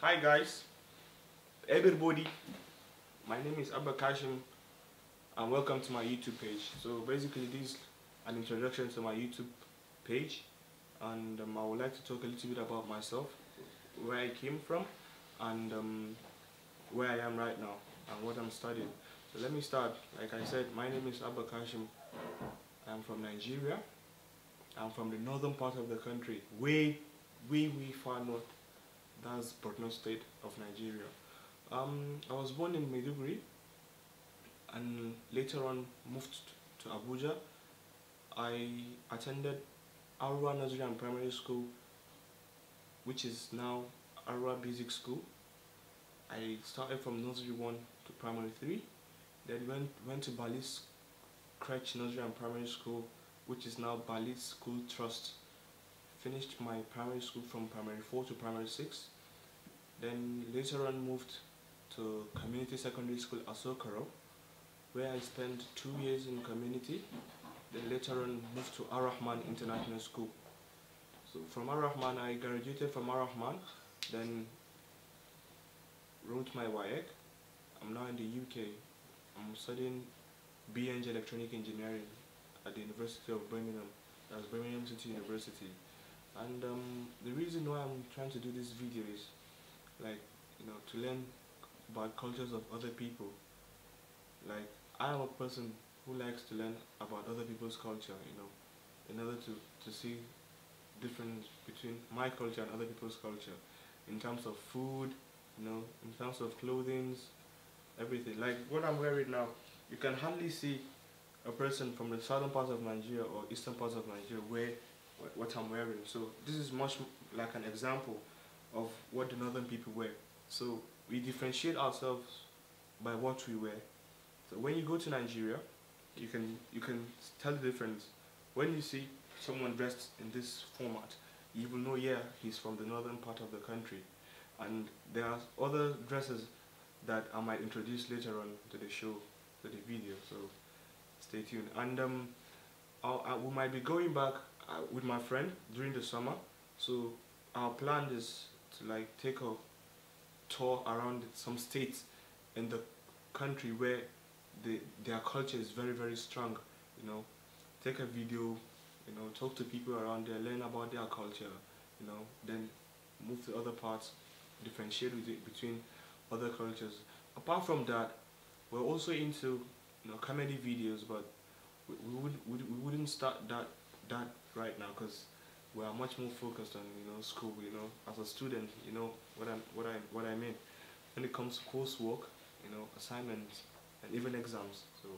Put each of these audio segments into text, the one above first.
Hi guys, everybody, my name is Abba Kashim and welcome to my YouTube page. So basically this is an introduction to my YouTube page and um, I would like to talk a little bit about myself, where I came from and um, where I am right now and what I'm studying. So let me start. Like I said, my name is Abba Kashim. I'm from Nigeria. I'm from the northern part of the country, way, way, way far north that's Borno State of Nigeria. Um, I was born in Maiduguri and later on moved to Abuja. I attended Arwa Nursery and Primary School which is now Arwa Basic School. I started from nursery 1 to primary 3 then went, went to Balis Crutch Nursery and Primary School which is now Balis School Trust finished my primary school from primary 4 to primary 6. Then later on moved to community secondary school Asokoro where I spent two years in community. Then later on moved to Ar-Rahman International School. So from Ar-Rahman I graduated from Ar-Rahman then wrote my WAEC. I'm now in the UK. I'm studying BNG Electronic Engineering at the University of Birmingham. That's Birmingham City University and um, the reason why I'm trying to do this video is like you know to learn about cultures of other people like I am a person who likes to learn about other people's culture you know in order to, to see difference between my culture and other people's culture in terms of food you know in terms of clothing everything like what I'm wearing now you can hardly see a person from the southern part of Nigeria or eastern parts of Nigeria where what I'm wearing. So this is much like an example of what the northern people wear. So we differentiate ourselves by what we wear. So when you go to Nigeria, you can you can tell the difference. When you see someone dressed in this format, you will know yeah he's from the northern part of the country. And there are other dresses that I might introduce later on to the show, to the video. So stay tuned. And um, i uh, I, uh, we might be going back uh, with my friend during the summer. So our plan is to like take a tour around some states in the country where the, their culture is very very strong. You know, take a video, you know, talk to people around there, learn about their culture, you know, then move to other parts, differentiate between other cultures. Apart from that, we're also into you know comedy videos, but we, we would we, we wouldn't start that that right now because we are much more focused on you know school. You know, as a student, you know what I what I what I mean when it comes to coursework, you know, assignments and even exams. So,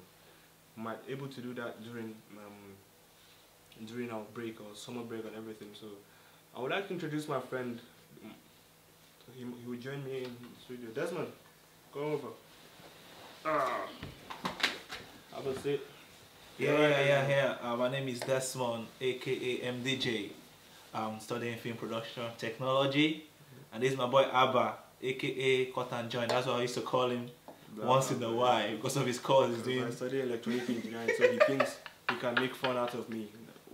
might able to do that during um, during our break or summer break and everything. So, I would like to introduce my friend. He, he will join me in the studio. Desmond, go over. Ah, have a seat. Yeah, yeah, yeah, yeah. yeah. Uh, my name is Desmond, aka MDJ. I'm studying film production technology, and this is my boy Abba, aka Cotton Join. That's what I used to call him once in a while because of his calls. He's doing. I study electronic engineering, so he thinks he can make fun out of me.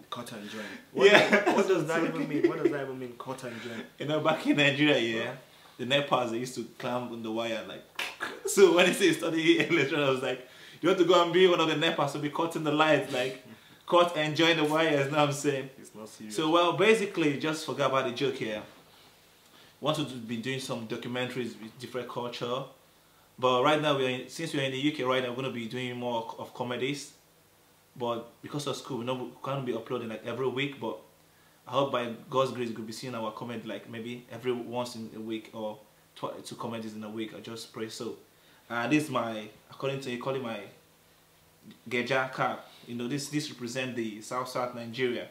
Cotton and What yeah. what does that even mean? What does that even mean, Cotton join? You know, back in Nigeria, yeah, the Nepals they used to climb on the wire like. So when he say study electronic, I was like. You have to go and be one of the NEPAs to be caught in the lights, like caught join the wires, know what I'm saying? It's not serious. So, well, basically, just forget about the joke here. Want to be doing some documentaries with different culture. But right now, we are in, since we are in the UK right now, we're going to be doing more of comedies. But because of school, we, not can't be uploading like every week. But I hope by God's grace, we'll be seeing our comment like maybe every once in a week or two comedies in a week. I just pray so. Uh, this is my, according to calling my Geja cap. You know, this this represent the South South Nigeria.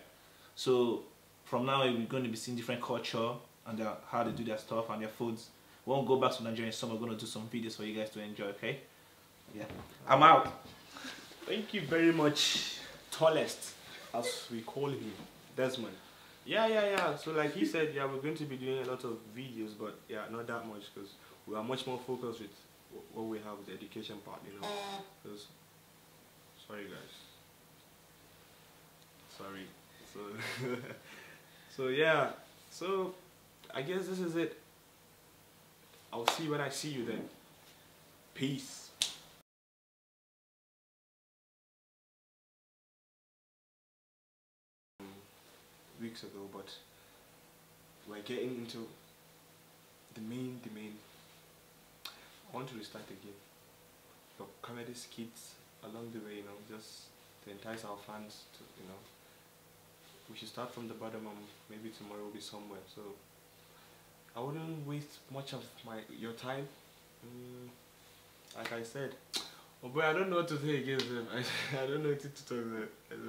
So from now on, we're going to be seeing different culture and their, how they do their stuff and their foods. We won't go back to Nigeria in summer. We're going to do some videos for you guys to enjoy, okay? Yeah. I'm out. Thank you very much, tallest, as we call him, Desmond. Yeah, yeah, yeah. So like he said, yeah, we're going to be doing a lot of videos, but yeah, not that much because we are much more focused with what we have the education part, you know. Mm. Cause, sorry guys. Sorry. So, so yeah. So, I guess this is it. I'll see when I see you then. Peace. weeks ago, but we're getting into the main, the main want to restart again your comedy skits along the way, you know, just to entice our fans to, you know, we should start from the bottom and maybe tomorrow will be somewhere. So I wouldn't waste much of my your time. Mm, like I said, oh boy, I don't know what to say again. I, I don't know what to talk about.